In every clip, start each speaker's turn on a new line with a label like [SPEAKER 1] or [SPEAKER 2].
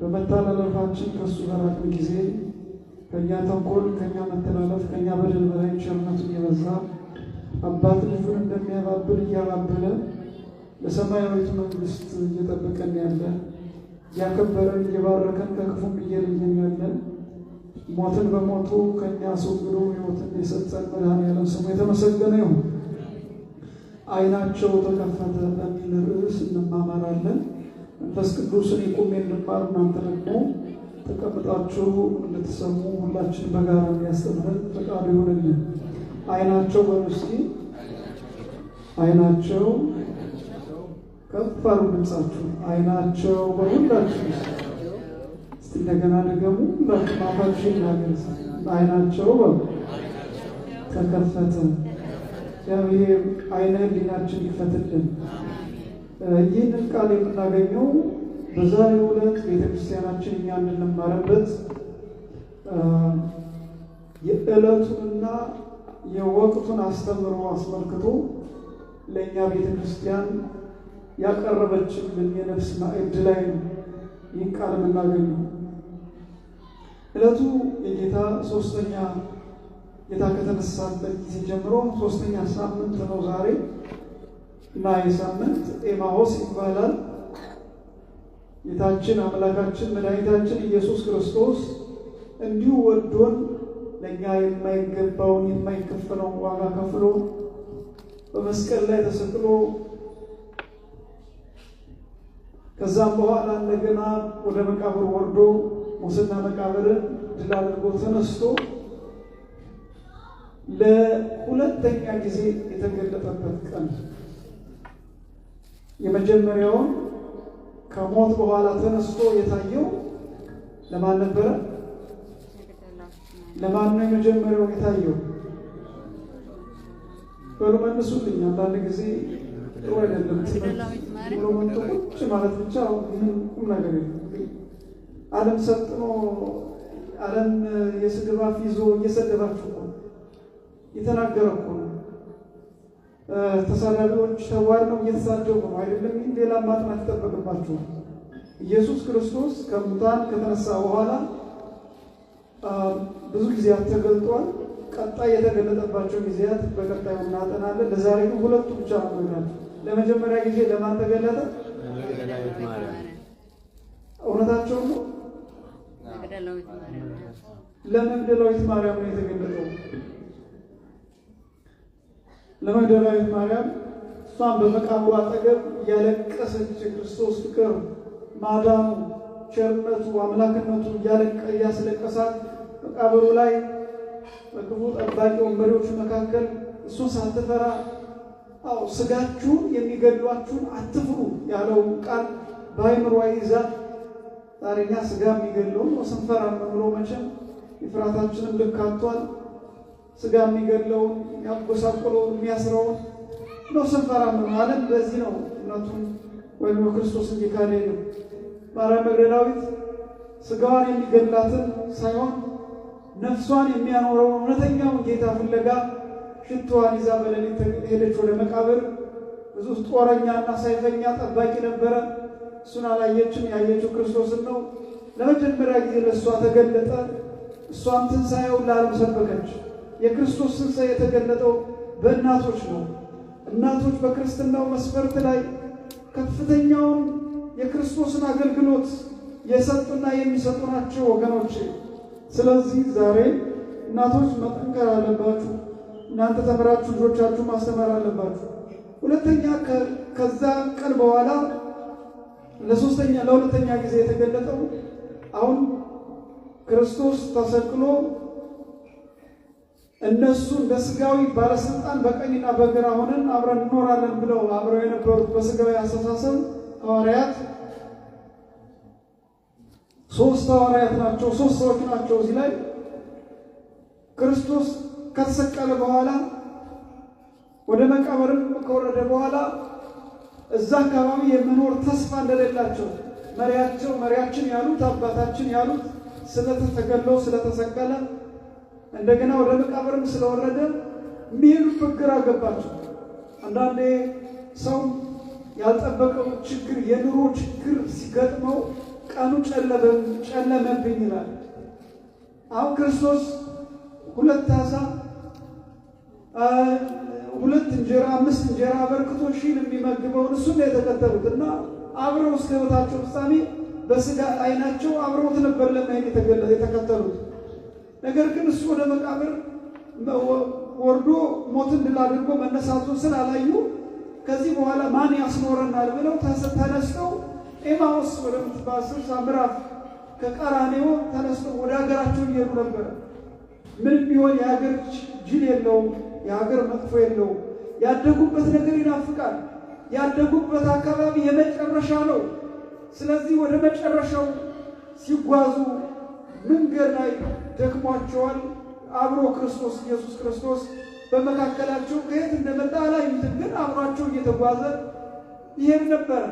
[SPEAKER 1] በመተላለፋችን ከእሱ በራቅ ጊዜ ከእኛ ተንኮል፣ ከእኛ መተላለፍ፣ ከእኛ በደል በላይ ቸርነቱ የበዛ አባት ልጁን እንደሚያባብል እያባበለ ለሰማያዊቱ መንግስት እየጠበቀን ያለ እያከበረን እየባረከን ከክፉም እየለየን ያለ ሞትን በሞቱ ከእኛ አስወግዶ ሕይወትን የሰጠን መድኃኔዓለም ስሙ የተመሰገነ ይሁን። አይናቸው ተከፈተ በሚል ርዕስ እንማማራለን። መንፈስ ቅዱስን የቁም እንድማር እናንተ ደግሞ ተቀምጣችሁ እንድትሰሙ ሁላችን በጋራ የሚያስተምረን ፈቃዱ ይሆንልን። አይናቸው በምስኪ አይናቸው ከፍ አሉ ድምጻችሁ አይናቸው በሁላችሁ እስቲ እንደገና ደገሙ። ሁላችሁ አፋችሁ አይናቸው ተከፈተ እግዚአብሔር አይነ ህሊናችን ይፈትልን። ይህንን ቃል የምናገኘው በዛሬው ዕለት ቤተክርስቲያናችን እኛ እንድንማርበት የዕለቱንና የወቅቱን አስተምሮ አስመልክቶ ለእኛ ቤተክርስቲያን ያቀረበችልን የነፍስ ማዕድ ላይ ነው ይህን ቃል የምናገኘው። ዕለቱ የጌታ ሶስተኛ ጌታ ከተነሳበት ጊዜ ጀምሮ ሶስተኛ ሳምንት ነው ዛሬ እና የሳምንት ኤማሆስ ይባላል። ጌታችን አምላካችን መድኃኒታችን ኢየሱስ ክርስቶስ እንዲሁ ወዶን ለእኛ የማይገባውን የማይከፈለውን ዋጋ ከፍሎ በመስቀል ላይ ተሰቅሎ ከዛም በኋላ እንደገና ወደ መቃብር ወርዶ ሙስና መቃብርን ድል አድርጎ ተነስቶ ለሁለተኛ ጊዜ የተገለጠበት ቀን የመጀመሪያውን ከሞት በኋላ ተነስቶ የታየው ለማን ነበረ? ለማን ነው የመጀመሪያው የታየው? በሉ መልሱልኝ። አንዳንድ ጊዜ ጥሩ አይደለም ብሎ ቁጭ ማለት ብቻ ምንም ቁም ነገር የለም። ዓለም ሰጥኖ ዓለም የስድባፍ ይዞ እየሰደባችሁ እኮ የተናገረ እኮ ተሳዳቢዎች ተዋርነው እየተሳደቡ ነው አይደለም። ይህን ሌላ ማጥናት ይጠበቅባችሁ። ኢየሱስ ክርስቶስ ከሙታን ከተነሳ በኋላ ብዙ ጊዜያት ተገልጧል። ቀጣይ የተገለጠባቸው ጊዜያት በቀጣዩ እናጠናለን። ለዛሬ ግን ሁለቱ ብቻ ነው። ለመጀመሪያ ጊዜ ለማን ተገለጠ? እውነታቸው ነው። ለመግደላዊት ማርያም ነው የተገለጠው። ለመግደላዊት ማርያም እሷን በመቃብሩ አጠገብ እያለቀሰች የክርስቶስ ፍቅር ማዳኑ፣ ቸርነቱ፣ አምላክነቱ እያስለቀሳት መቃብሩ ላይ በክፉ ጠባቂ ወንበዴዎች መካከል እሱን ሳትፈራ አው ስጋችሁን የሚገድሏችሁን አትፍሩ ያለው ቃል በአይምሯ ይዛ ዛሬኛ ስጋ የሚገድለውን ስንፈራ የምንውለው መቼም የፍርሃታችንም ልካቷል። ስጋ የሚገድለውን የሚያጎሳቁለውን የሚያስረውን ነው ስንፈራ ማለት በዚህ ነው። እውነቱን ወይም ክርስቶስ እንዲካደ ነው። ማርያም መግደላዊት ስጋዋን የሚገድላትን ሳይሆን ነፍሷን የሚያኖረውን እውነተኛውን ጌታ ፍለጋ ሽቶዋን ይዛ በሌሊት ሄደች ወደ መቃብር። ብዙ ጦረኛና ሰይፈኛ ጠባቂ ነበረ። እሱን አላየችም። ያየችው ክርስቶስን ነው። ለመጀመሪያ ጊዜ ለእሷ ተገለጠ። እሷም ትንሣኤውን ለዓለም ሰበከች። የክርስቶስ ትንሣኤ የተገለጠው በእናቶች ነው። እናቶች በክርስትናው መስፈርት ላይ ከፍተኛውን የክርስቶስን አገልግሎት የሰጡና የሚሰጡ ናቸው ወገኖች። ስለዚህ ዛሬ እናቶች መጠንከር አለባችሁ። እናንተ ተምራችሁ ልጆቻችሁ ማስተማር አለባችሁ። ሁለተኛ ከዛ ቀን በኋላ ለሶስተኛ ለሁለተኛ ጊዜ የተገለጠው አሁን ክርስቶስ ተሰቅሎ እነሱ እንደ ስጋዊ ባለስልጣን በቀኝና በግራ ሆነን አብረን እንኖራለን ብለው አብረው የነበሩት በስጋዊ አስተሳሰብ ሐዋርያት ሶስት ሐዋርያት ናቸው። ሶስት ሰዎች ናቸው። እዚህ ላይ ክርስቶስ ከተሰቀለ በኋላ ወደ መቃብርም ከወረደ በኋላ እዛ አካባቢ የመኖር ተስፋ እንደሌላቸው መሪያቸው መሪያችን ያሉት አባታችን ያሉት ስለተተገለው ስለተሰቀለ እንደገና ወደ መቃብርም ስለወረደ ሚል ግራ ገባቸው። አንዳንዴ ሰው ያልጠበቀው ችግር የኑሮ ችግር ሲገጥመው ቀኑ ጨለመብኝ ይላል። አሁን ክርስቶስ ሁለት አሳ ሁለት እንጀራ አምስት እንጀራ አበርክቶ ሺን የሚመግበውን ነው የተከተሉት እና አብረው እስከ ሕይወታቸው ፍጻሜ በስጋ አይናቸው አብረውት ነበር ለማየት የተከተሉት ነገር ግን እሱ ወደ መቃብር ወርዶ ሞትን ድል አድርጎ መነሳቱን ስላላዩ ከዚህ በኋላ ማን ያስኖረናል ብለው ተነስተው ኤማውስ ወደምትባል ስልሳ ምዕራፍ ከቀራኔዎ ተነስተው ወደ ሀገራቸው እየሄዱ ነበረ። ምንም ቢሆን የሀገር ጅል የለውም፣ የሀገር መጥፎ የለውም። ያደጉበት ነገር ይናፍቃል። ያደጉበት አካባቢ የመጨረሻ ነው። ስለዚህ ወደ መጨረሻው ሲጓዙ መንገድ ላይ ደክሟቸዋል። አብሮ ክርስቶስ ኢየሱስ ክርስቶስ በመካከላቸው ከየት እንደመጣ አላዩትም፣ ግን አብሯቸው እየተጓዘ ይሄድ ነበረ።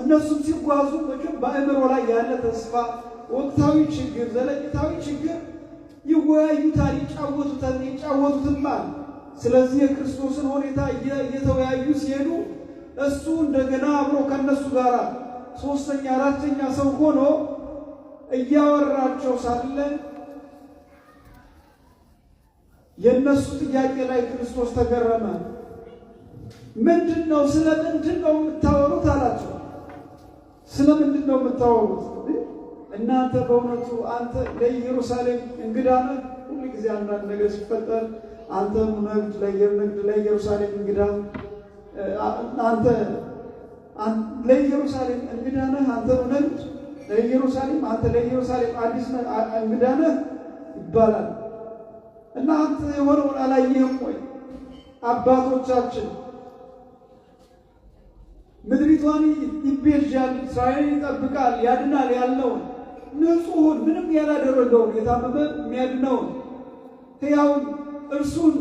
[SPEAKER 1] እነሱም ሲጓዙ መቼም በአእምሮ ላይ ያለ ተስፋ፣ ወቅታዊ ችግር፣ ዘለቂታዊ ችግር ይወያዩታል፣ ይጫወቱታል፣ ይጫወቱትማል። ስለዚህ የክርስቶስን ሁኔታ እየተወያዩ ሲሄዱ እሱ እንደገና አብሮ ከነሱ ጋር ሶስተኛ አራተኛ ሰው ሆኖ እያወራቸው ሳለ የእነሱ ጥያቄ ላይ ክርስቶስ ተገረመ። ምንድን ነው ስለ ምንድን ነው የምታወሩት አላቸው። ስለ ምንድን ነው የምታወሩት? እናንተ በእውነቱ አንተ ለኢየሩሳሌም እንግዳ ነህ። ሁሉ ጊዜ አንዳንድ ነገር ሲፈጠር አንተ ንግድ ለየነግድ ለኢየሩሳሌም እንግዳ አንተ ለኢየሩሳሌም እንግዳ ነህ። አንተ ንግድ ለኢየሩሳሌም አንተ ለኢየሩሳሌም አዲስ እንግዳ ነህ ይባላል። እናንተ የሆነውን አላየህም ወይ? አባቶቻችን ምድሪቷን ይቤዣል፣ እስራኤልን ይጠብቃል፣ ያድናል ያለውን ንጹሑን ምንም ያላደረገውን የታመመ የሚያድነውን ሕያውን እርሱን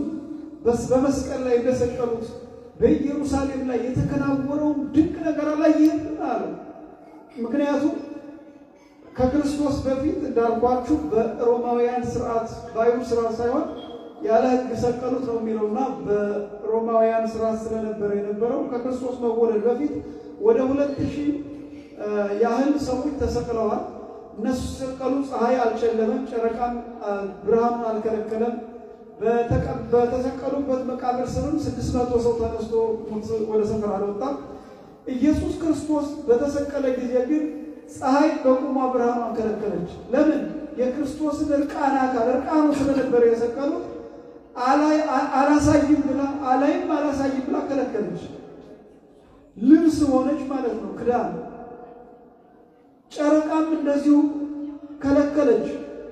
[SPEAKER 1] በመስቀል ላይ እንደሰቀሉት በኢየሩሳሌም ላይ የተከናወነውን ድንቅ ነገር አላየህም አለ። ምክንያቱም ከክርስቶስ በፊት እንዳልኳችሁ በሮማውያን ስርዓት በአይሁድ ስርዓት ሳይሆን ያለ ህግ ሰቀሉት ነው የሚለውና በሮማውያን ስርዓት ስለነበረ የነበረው ከክርስቶስ መወለድ በፊት ወደ ሁለት ሺህ ያህል ሰዎች ተሰቅለዋል። እነሱ ሲሰቀሉ ፀሐይ አልጨለመም፣ ጨረቃን ብርሃኑን አልከለከለም። በተሰቀሉበት መቃብር ስምም ስድስት መቶ ሰው ተነስቶ ወደ ሰፈር አልወጣም። ኢየሱስ ክርስቶስ በተሰቀለ ጊዜ ግን ፀሐይ በቁሟ ብርሃኗን ከለከለች። ለምን? የክርስቶስን እርቃን አካል እርቃኑ ስለነበረ የሰቀሉት አላሳይም ብላ አላይም አላሳይም ብላ ከለከለች። ልብስ ሆነች ማለት ነው፣ ክዳን። ጨረቃም እንደዚሁ ከለከለች።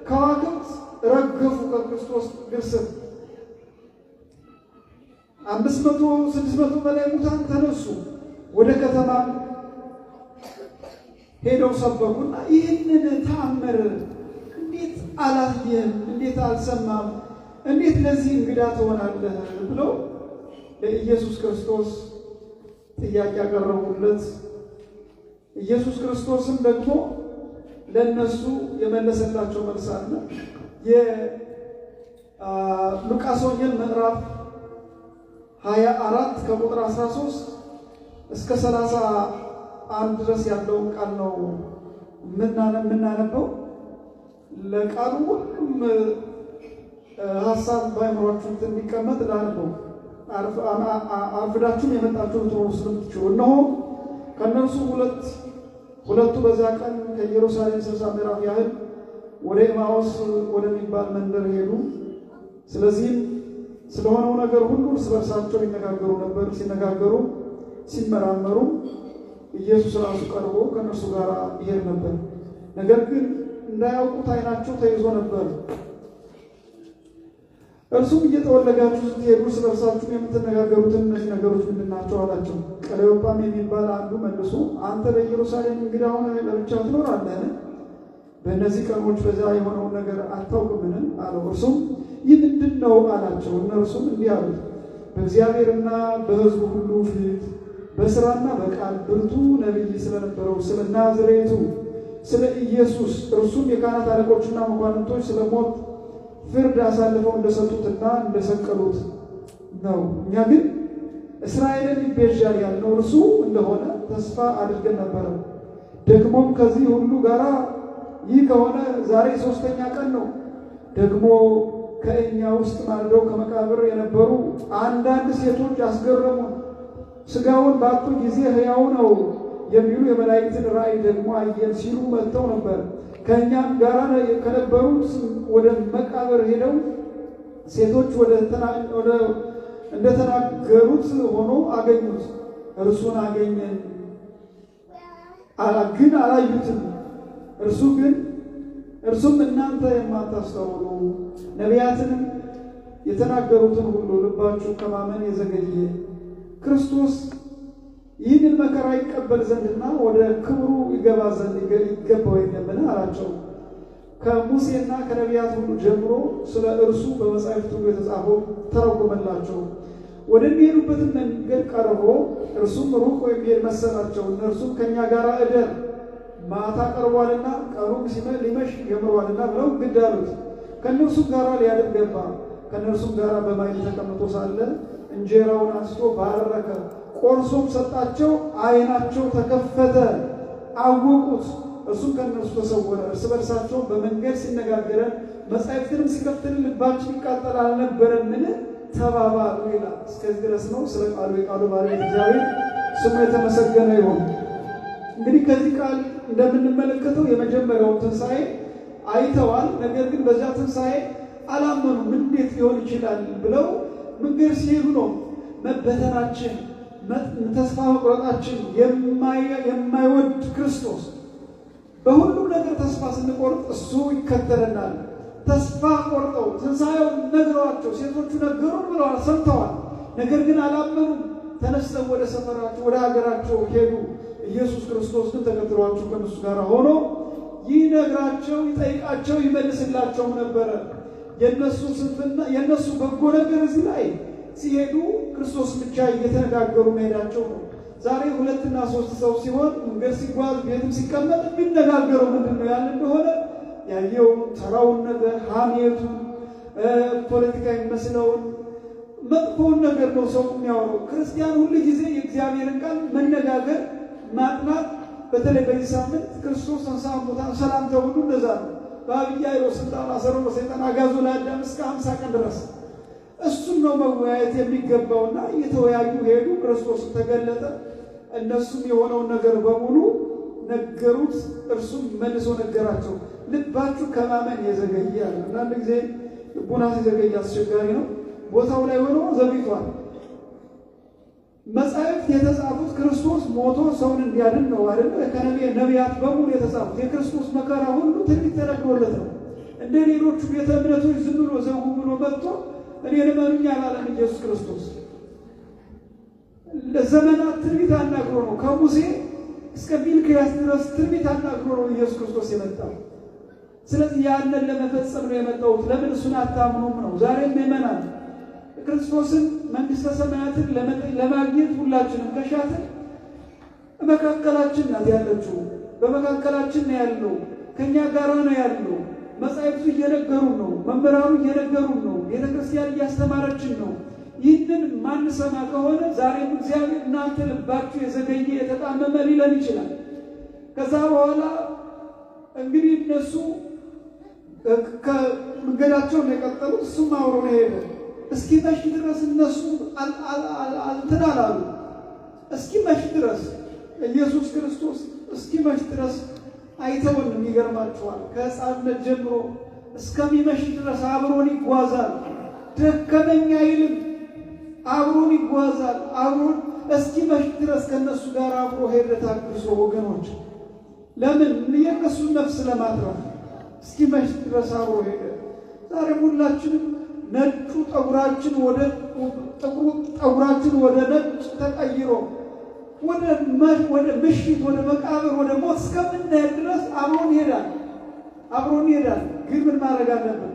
[SPEAKER 1] ከዋክብት ረገፉ ከክርስቶስ ግርስም አምስት መቶ ስድስት መቶ በላይ ሙታን ተነሱ። ወደ ከተማ። ሄደው ሰበኩና ይህንን ተአምር እንዴት አላየም? እንዴት አልሰማም? እንዴት ለዚህ እንግዳ ትሆናለህ? ብለው ለኢየሱስ ክርስቶስ ጥያቄ ያቀረቡለት ኢየሱስ ክርስቶስም ደግሞ ለእነሱ የመለሰላቸው መልስ አለ። የሉቃስ ወንጌል ምዕራፍ 24 ከቁጥር 13 እስከ 30 አንድ ድረስ ያለውን ቃል ነው የምናነበው። ለቃሉ ሁሉም ሀሳብ በአይምሯችሁ እንዲቀመጥ ላነበው። አርፍዳችሁን የመጣችሁ ብትሆኑ ስለምትችሉ እነሆ ከእነርሱ ሁለት ሁለቱ በዚያ ቀን ከኢየሩሳሌም ስልሳ ምዕራፍ ያህል ወደ ኤማዎስ ወደሚባል መንደር ሄዱ። ስለዚህም ስለሆነው ነገር ሁሉ እርስ በርሳቸው ይነጋገሩ ነበር። ሲነጋገሩ ሲመራመሩ ኢየሱስ ራሱ ቀርቦ ከእነርሱ ጋር ይሄድ ነበር። ነገር ግን እንዳያውቁት ዓይናቸው ተይዞ ነበር። እርሱም እየተወለጋችሁ ስትሄዱ እርስ የምትነጋገሩት የምትነጋገሩትን እነዚህ ነገሮች ምንድን ናቸው? አላቸው። ቀለዮጳም የሚባል አንዱ መልሶ አንተ በኢየሩሳሌም እንግዲህ ሆነህ ለብቻ ትኖራለህን? በእነዚህ ቀኖች በዚያ የሆነውን ነገር አታውቅምን? አለው። እርሱም ይህ ምንድን ነው? አላቸው። እነርሱም እንዲህ አሉት፣ በእግዚአብሔርና በሕዝቡ ሁሉ ፊት በስራና በቃል ብርቱ ነቢይ ስለነበረው ስለ ናዝሬቱ ስለ ኢየሱስ እርሱም የካህናት አለቆችና መኳንንቶች ስለ ሞት ፍርድ አሳልፈው እንደሰጡትና እንደሰቀሉት ነው። እኛ ግን እስራኤልን ይቤዣል ያልነው እርሱ እንደሆነ ተስፋ አድርገን ነበረ። ደግሞም ከዚህ ሁሉ ጋር ይህ ከሆነ ዛሬ ሶስተኛ ቀን ነው። ደግሞ ከእኛ ውስጥ ማልደው ከመቃብር የነበሩ አንዳንድ ሴቶች አስገረሙን። ስጋውን ባጡ ጊዜ ሕያው ነው የሚሉ የመላእክትን ራእይ ደግሞ አየን ሲሉ መጥተው ነበር። ከእኛም ጋር ከነበሩት ወደ መቃብር ሄደው ሴቶች እንደተናገሩት ሆኖ አገኙት። እርሱን አገኘን ግን አላዩትም። እርሱ ግን እርሱም እናንተ የማታስተውሉ ነቢያትንም የተናገሩትን ሁሉ ልባችሁ ከማመን የዘገየ ክርስቶስ ይህንን መከራ ይቀበል ዘንድና ወደ ክብሩ ይገባ ዘንድ ይገባው የለምን አላቸው። ከሙሴና ከነቢያት ሁሉ ጀምሮ ስለ እርሱ በመጻሕፍት ሁሉ የተጻፈው ተረጎመላቸው። ወደሚሄዱበትን መንገድ ቀርቦ እርሱም ሩቅ የሚሄድ መሰላቸው። እነርሱም ከእኛ ጋር እደር፣ ማታ ቀርቧልና ቀኑ ሊመሽ ጀምሯልና ብለው ግድ አሉት። ከእነርሱም ጋር ሊያድር ገባ። ከእነርሱም ጋር በማይ ተቀምጦ ሳለ እንጀራውን አንስቶ ባረከ፣ ቆርሶም ሰጣቸው። ዓይናቸው ተከፈተ፣ አወቁት። እርሱም ከእነርሱ ተሰወረ። እርስ በርሳቸው በመንገድ ሲነጋገረን መጻሕፍትንም ሲከፍትን ልባችን ይቃጠል አልነበረምን? ተባባሉ ይላል። እስከዚህ ድረስ ነው። ስለ ቃሉ የቃሉ ባለቤት እግዚአብሔር ስሙ የተመሰገነ ይሁን። እንግዲህ ከዚህ ቃል እንደምንመለከተው የመጀመሪያውን ትንሣኤ አይተዋል። ነገር ግን በዚያ ትንሣኤ አላመኑም። እንዴት ሊሆን ይችላል ብለው መንገድ ሲሄዱ ነው መበተናችን፣ ተስፋ መቁረጣችን የማይወድ ክርስቶስ። በሁሉም ነገር ተስፋ ስንቆርጥ እሱ ይከተለናል። ተስፋ ቆርጠው ትንሣኤው ነግረዋቸው ሴቶቹ ነገሩን ብለዋል፣ ሰምተዋል። ነገር ግን አላመኑም። ተነስተው ወደ ሰፈራቸው ወደ ሀገራቸው ሄዱ። ኢየሱስ ክርስቶስ ግን ተከትሏቸው ከእነሱ ጋር ሆኖ ይነግራቸው፣ ይጠይቃቸው፣ ይመልስላቸውም ነበረ። የነሱ ስንፍና የነሱ በጎ ነገር እዚህ ላይ ሲሄዱ ክርስቶስ ብቻ እየተነጋገሩ መሄዳቸው ነው። ዛሬ ሁለትና ሶስት ሰው ሲሆን መንገድ ሲጓዝ ቤትም ሲቀመጥ የሚነጋገረው ምንድን ነው ያን እንደሆነ ያየው ተራውን ነገር ሀሜቱን፣ ፖለቲካ የሚመስለውን መጥፎውን ነገር ነው ሰው የሚያወሩ። ክርስቲያን ሁሉ ጊዜ የእግዚአብሔርን ቃል መነጋገር ማጥናት፣ በተለይ በዚህ ሳምንት ክርስቶስ ተንሳ ቦታ ሰላም ተብሎ እንደዛ ነው በአብያ ይሮ ስልጣን አሰሮ በሰይጣን አጋዞ ለአዳም እስከ ሀምሳ ቀን ድረስ እሱን ነው መወያየት የሚገባውና እየተወያዩ ሄዱ። ክርስቶስ ተገለጠ። እነሱም የሆነውን ነገር በሙሉ ነገሩት፣ እርሱም መልሶ ነገራቸው። ልባችሁ ከማመን የዘገየ አለ አንድ ጊዜ ልቡና ሲዘገይ አስቸጋሪ ነው። ቦታው ላይ ሆኖ ዘግይቷል። መጻሕፍት የተጻፉ ክርስቶስ ሞቶ ሰውን እንዲያድን ነው አይደል? ነቢያት በሙሉ የተጻፉት የክርስቶስ መከራ ሁሉ ትንቢት ተነግሮለት ነው። እንደ ሌሎቹ ቤተ እምነቶች ዝም ብሎ ዘው ብሎ መጥቶ እኔ ልመኑኝ አላለም። ኢየሱስ ክርስቶስ ለዘመናት ትንቢት አናግሮ ነው። ከሙሴ እስከ ሚልክያስ ድረስ ትንቢት አናግሮ ነው ኢየሱስ ክርስቶስ የመጣው። ስለዚህ ያንን ለመፈጸም ነው የመጣሁት። ለምን እሱን አታምኑም ነው። ዛሬም ምእመናን ክርስቶስን መንግሥተ ሰማያትን ለማግኘት ሁላችንም ተሻትን መካከላችን ናት ያለችው፣ በመካከላችን ነው ያለው፣ ከእኛ ጋር ነው ያለው። መጻሕፍቱ እየነገሩ ነው፣ መምህራኑ እየነገሩ ነው፣ ቤተ ክርስቲያን እያስተማረችን ነው። ይህንን ማንሰማ ከሆነ ዛሬም እግዚአብሔር እናንተ ልባችሁ የዘገየ የተጣመመ ሊለን ይችላል። ከዛ በኋላ እንግዲህ እነሱ ከመንገዳቸውን የቀጠሉት እሱም አውሮ ነው ሄደ። እስኪ መሽ ድረስ እነሱ አልትናላሉ እስኪ መሽ ድረስ ኢየሱስ ክርስቶስ እስኪመሽ ድረስ አይተውንም። ይገርማችኋል። ከሕፃንነት ጀምሮ እስከሚመሽ ድረስ አብሮን ይጓዛል። ደከመኛ አይልም። አብሮን ይጓዛል። አብሮን እስኪመሽ ድረስ ከእነሱ ጋር አብሮ ሄደ ታግሶ። ወገኖች ለምን የእነሱን ነፍስ ለማትረፍ እስኪመሽ ድረስ አብሮ ሄደ። ዛሬም ሁላችንም ነጩ ጠጉራችን ወደ ጥቁሩ ጠጉራችን ወደ ነጭ ተቀይሮ ወደ ምሽት፣ ወደ መቃብር፣ ወደ ሞት እስከምናየት ድረስ አብሮን ይሄዳል አብሮን ይሄዳል። ግን ምን ማድረግ አለብን?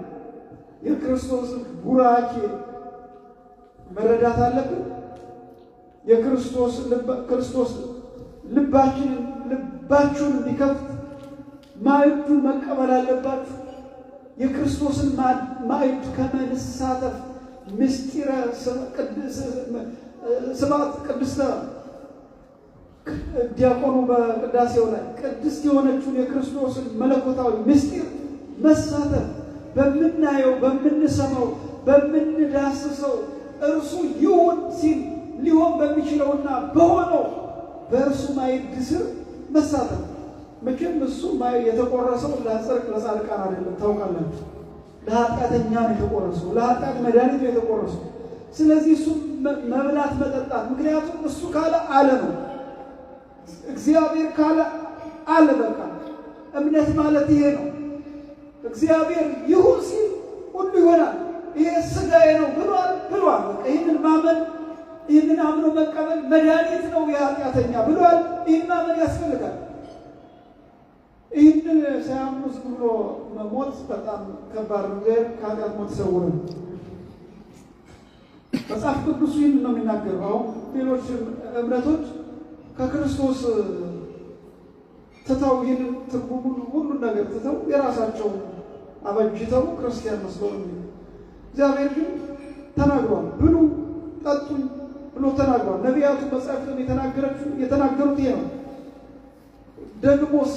[SPEAKER 1] የክርስቶስን ቡራኬ መረዳት አለብን። የክርስቶስ ክርስቶስ ልባችንን ልባችሁን እንዲከፍት ማዕዱ መቀበል አለባችሁ። የክርስቶስን ማዕድ ከመንሳተፍ ምስጢረ ስብዓት ቅድስተ ዲያቆኑ በቅዳሴው ላይ ቅድስት የሆነችውን የክርስቶስን መለኮታዊ ምስጢር መሳተፍ በምናየው፣ በምንሰማው፣ በምንዳስሰው እርሱ ይሁን ሲል ሊሆን በሚችለውና በሆነው በእርሱ ማዕድ ስር መሳተፍ። መቼም እሱ የተቆረሰው ለጽርቅ ለጻድቃን አይደለም፣ ታውቃላችሁ። ለኃጢአተኛ ነው የተቆረሰው። ለኃጢአት መድኃኒት ነው የተቆረሰው። ስለዚህ እሱ መብላት መጠጣት፣ ምክንያቱም እሱ ካለ አለ ነው እግዚአብሔር ካለ አለ በቃ። እምነት ማለት ይሄ ነው። እግዚአብሔር ይሁን ሲል ሁሉ ይሆናል። ይሄ ስጋዬ ነው ብሏል ብሏል። ይህንን ማመን ይህንን አምኖ መቀበል መድኃኒት ነው የኃጢአተኛ ብሏል። ይህን ማመን ያስፈልጋል። ይህንን ሳያምኑ ዝም ብሎ መሞት በጣም ከባድ ነገር ከኃጢአት ሞት ሰውረ መጽሐፍ ቅዱስ ይህን ነው የሚናገረው። አሁን ሌሎች እምነቶች ከክርስቶስ ትተው ይህንን ትርጉም ሁሉ ሁሉን ነገር ትተው የራሳቸው አበጅተው ክርስቲያን መስለው እግዚአብሔር ግን ተናግሯል። ብሉ ጠጡኝ ብሎ ተናግሯል። ነቢያቱ መጽሐፍትም የተናገሩት ይሄ ነው። ደግሞስ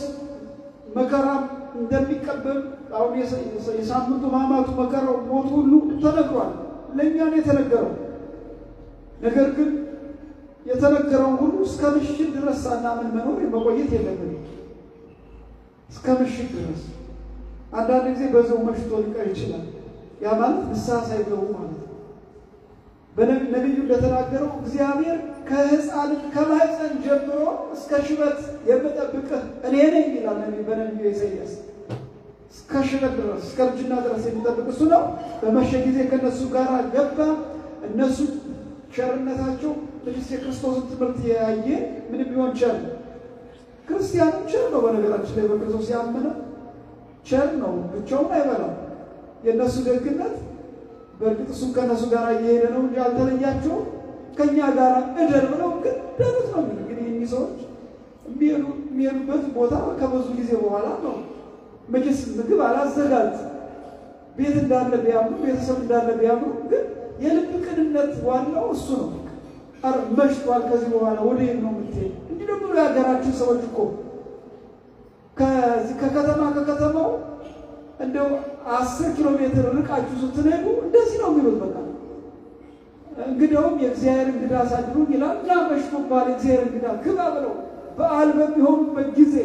[SPEAKER 1] መከራም እንደሚቀበል አሁን የሳምንቱ ሕማማቱ መከራው ሞቱ ሁሉ ተነግሯል። ለእኛ ነው የተነገረው። ነገር ግን የተነገረውን ሁሉ እስከ ምሽት ድረስ ሳናምን መኖር መቆየት የለብን። እስከ ምሽት ድረስ አንዳንድ ጊዜ በዛው መሽቶ ሊቀር ይችላል። ያ ማለት ንስሐ ሳይገቡ ማለት ነው። ነቢዩ እንደተናገረው እግዚአብሔር ከህፃን ከማህፀን ጀምሮ እስከ ሽበት የምጠብቅህ እኔ ነኝ ይላል በነቢዩ ኢሳያስ። እስከ ሽበት ድረስ እስከ ልጅና ድረስ የሚጠብቅ እሱ ነው። በመሸ ጊዜ ከእነሱ ጋር ገባ። እነሱ ቸርነታቸው ልጅ የክርስቶስን ትምህርት የያየ ምንም ቢሆን ቸር ነው። ክርስቲያን ቸር ነው። በነገራችን ላይ በክርስቶስ ያመነ ቸር ነው። ብቻውን አይበላም። የእነሱ ደግነት በእርግጥ እሱም ከእነሱ ጋር እየሄደ ነው እንጂ አልተለያቸውም። ከእኛ ጋር እደር ብለው ግን ደረት ነው። እንግዲህ እኚህ ሰዎች የሚሄዱበት ቦታ ከብዙ ጊዜ በኋላ ነው። መቼስ ምግብ አላዘጋጅ ቤት እንዳለ ቢያምኑ ቤተሰብ እንዳለ ቢያምኑ ግን የልብ ቅንነት ዋናው እሱ ነው። ኧረ መሽቷል፣ ከዚህ በኋላ ወደ የት ነው የምትሄድ? እንዲህ ደግሞ የሀገራችን ሰዎች እኮ ከዚህ ከከተማ ከከተማው እንደው አስር ኪሎ ሜትር ርቃችሁ ስትነዱ እንደዚህ ነው የሚሉት። በቃ እንግዲያውም የእግዚአብሔር እንግዳ አሳድሩን ይላል። ያ መሽቶባል፣ የእግዚአብሔር እንግዳ ግባ ብለው በዓል በሚሆኑበት ጊዜ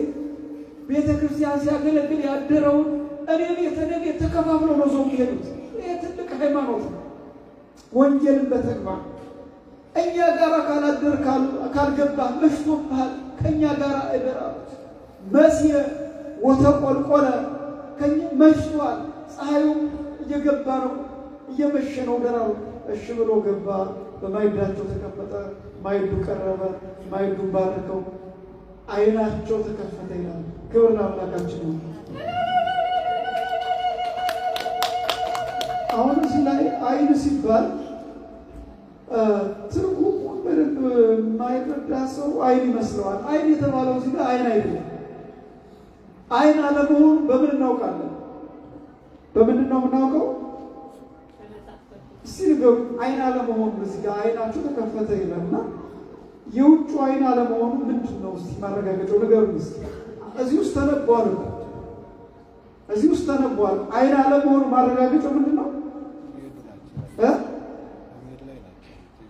[SPEAKER 1] ቤተ ክርስቲያን ሲያገለግል ያደረውን እኔ ቤተ ነቤ ተከፋፍለው ነው ሰው የሚሄዱት። ይህ ትልቅ ሃይማኖት ነው፣ ወንጌልን በተግባር እኛ ጋር ካላደር ካልገባህ መሽቶብሃል፣ ከእኛ ጋር እደር አሉት። መስየ ወተቆልቆለ መሽቷል፣ ፀሐዩ እየገባ ነው፣ እየመሸ ነው፣ ገራው። እሺ ብሎ ገባ፣ በማይዳቸው ተቀመጠ። ማይዱ ቀረበ፣ ማይዱ ባረከው፣ አይናቸው ተከፈተ ይላል። ክብር ለአምላካችን ነው። አሁን እዚህ ላይ ዓይን ሲባል ትርጉሙን በደንብ የማይረዳ ሰው አይን ይመስለዋል። አይን የተባለው እዚህ ጋር አይን አይደለም። አይን አለመሆኑ በምን እናውቃለን? በምንድን ነው የምናውቀው? እስቲ ንገሩ። አይን አለመሆኑ እዚህ ጋር አይናችሁ ተከፈተ ይለና የውጩ አይን አለመሆኑ ምንድን ነው? እስቲ ማረጋገጫው ንገሩን እስቲ። እዚህ ውስጥ ተነቧል። እዚህ ውስጥ ተነቧል። አይን አለመሆኑ ማረጋገጫው ምንድን ነው?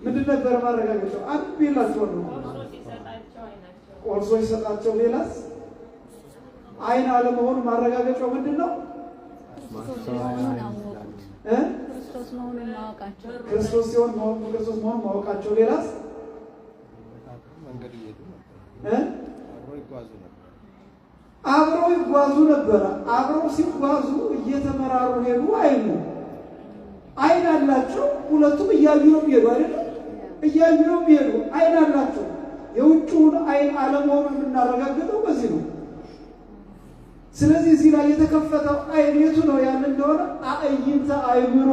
[SPEAKER 1] ምንድን ነበረ ማረጋገጫው? አንድ የላቸው ነው። ቆርሶ ይሰጣቸው። ሌላስ አይን አለመሆኑ ማረጋገጫው ምንድን ነው? ክርስቶስ ሲሆን ክርስቶስ መሆኑን ማወቃቸው ሌላስ? አብረው ይጓዙ ነበረ። አብረው ሲጓዙ እየተመራሩ ሄዱ። አይኑ አይን አላቸው። ሁለቱም እያዩ ነው ሄዱ አይደለም እያዩ ነው የሚሄዱ። አይን አላቸው። የውጭውን አይን አለመሆኑ የምናረጋግጠው በዚህ ነው። ስለዚህ እዚህ ላይ የተከፈተው አይን የቱ ነው ያለ እንደሆነ አእይንተ አይምሮ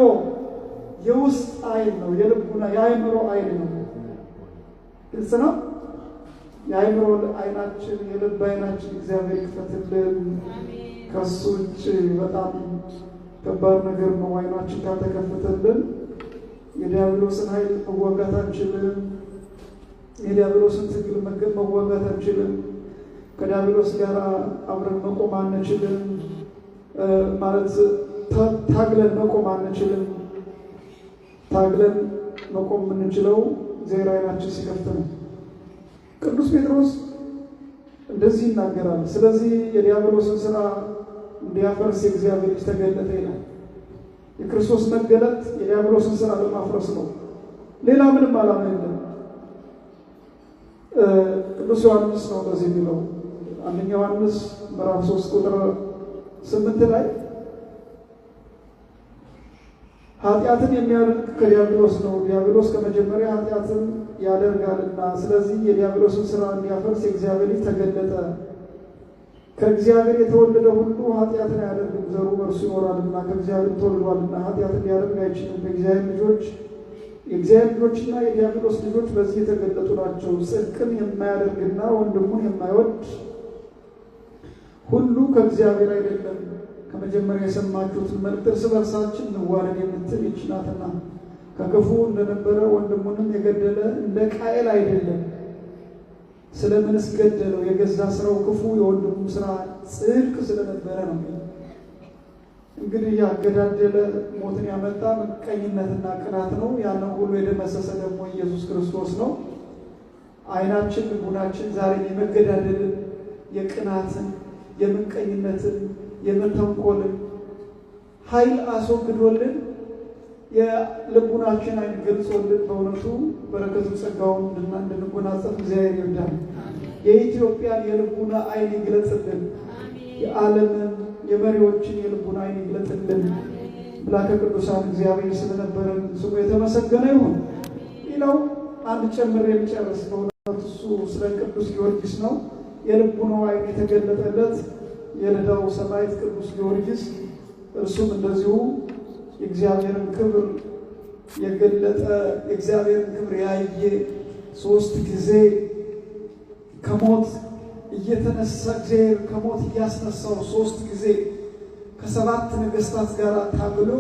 [SPEAKER 1] የውስጥ አይን ነው። የልቡና የአይምሮ አይን ነው። ግልጽ ነው። የአእምሮ አይናችን የልብ አይናችን እግዚአብሔር ይክፈትልን። ከሱ ውጭ በጣም ከባድ ነገር ነው። አይናችን ካልተከፈተልን የዲያብሎስን ኃይል መዋጋት አንችልም። የዲያብሎስን ትግል መዋጋት አንችልም። ከዲያብሎስ ጋር አብረን መቆም አንችልም። ማለት ታግለን መቆም አንችልም። ታግለን መቆም የምንችለው እግዚአብሔር ዓይናችን ሲከፍት ነው። ቅዱስ ጴጥሮስ እንደዚህ ይናገራል። ስለዚህ የዲያብሎስን ስራ እንዲያፈርስ የእግዚአብሔር ተገለጠ ይላል። የክርስቶስ መገለጥ የዲያብሎስን ስራ ለማፍረስ ነው። ሌላ ምንም ዓላማ የለም። ቅዱስ ዮሐንስ ነው እንደዚህ የሚለው አንደኛ ዮሐንስ ምዕራፍ ሶስት ቁጥር ስምንት ላይ ኃጢአትን የሚያደርግ ከዲያብሎስ ነው፣ ዲያብሎስ ከመጀመሪያ ኃጢአትን ያደርጋልና፣ ስለዚህ የዲያብሎስን ስራ እንዲያፈርስ የእግዚአብሔር ተገለጠ ከእግዚአብሔር የተወለደ ሁሉ ኃጢአትን አያደርግም፣ ዘሩ በእርሱ ይኖራልና። ከእግዚአብሔር ተወልዷልና ኃጢአትን ሊያደርግ አይችልም። በእግዚአብሔር ልጆች የእግዚአብሔር ልጆችና የዲያብሎስ ልጆች በዚህ የተገለጡ ናቸው። ጽድቅን የማያደርግና ወንድሙን የማይወድ ሁሉ ከእግዚአብሔር አይደለም። ከመጀመሪያ የሰማችሁትን መልእክት እርስ በርሳችን እንዋረድ የምትል ይችላትና ከክፉ እንደነበረ ወንድሙንም የገደለ እንደ ቃኤል አይደለም። ስለምን እስገደለው? የገዛ ስራው ክፉ፣ የወንድሙ ስራ ጽድቅ ስለነበረ ነው። እንግዲህ ያገዳደለ ሞትን ያመጣ ምቀኝነትና ቅናት ነው። ያንን ሁሉ የደመሰሰ ደግሞ ኢየሱስ ክርስቶስ ነው። አይናችን ልቡናችን ዛሬ የመገዳደልን፣ የቅናትን፣ የምቀኝነትን፣ የመተንኮልን ኃይል አስወግዶልን የልቡናችን አይን ገልጾልን በእውነቱ በረከቱ ጸጋውን እንድንጎናጸፍ እግዚአብሔር ይወዳል። የኢትዮጵያን የልቡና አይን ይግለጽልን። የዓለምን የመሪዎችን የልቡና አይን ይግለጽልን። ብላከ ቅዱሳን እግዚአብሔር ስለነበረን ስሙ የተመሰገነ ይሁን። ሌላው አንድ ጨምር የሚጨርስ በእውነት እሱ ስለ ቅዱስ ጊዮርጊስ ነው። የልቡናው አይን የተገለጠለት የልዳው ሰማዕት ቅዱስ ጊዮርጊስ እርሱም እንደዚሁ የእግዚአብሔርን ክብር የገለጠ የእግዚአብሔርን ክብር ያየ ሶስት ጊዜ ከሞት እየተነሳ እግዚአብሔር ከሞት እያስነሳው ሶስት ጊዜ ከሰባት ነገስታት ጋር ታብሎ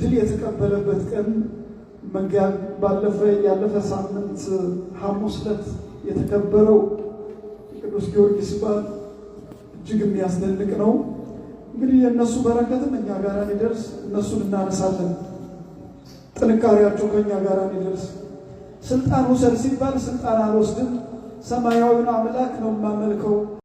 [SPEAKER 1] ድል የተቀበለበት ቀን ባለፈ ያለፈ ሳምንት ሐሙስ ዕለት የተከበረው ቅዱስ ጊዮርጊስ በዓል እጅግ የሚያስደንቅ ነው። እንግዲህ የእነሱ በረከትም እኛ ጋር ሊደርስ እነሱን እናነሳለን። ጥንካሬያቸው ከእኛ ጋር ሊደርስ ስልጣን ውሰድ ሲባል ስልጣን አልወስድም፣ ሰማያዊውን አምላክ ነው የማመልከው።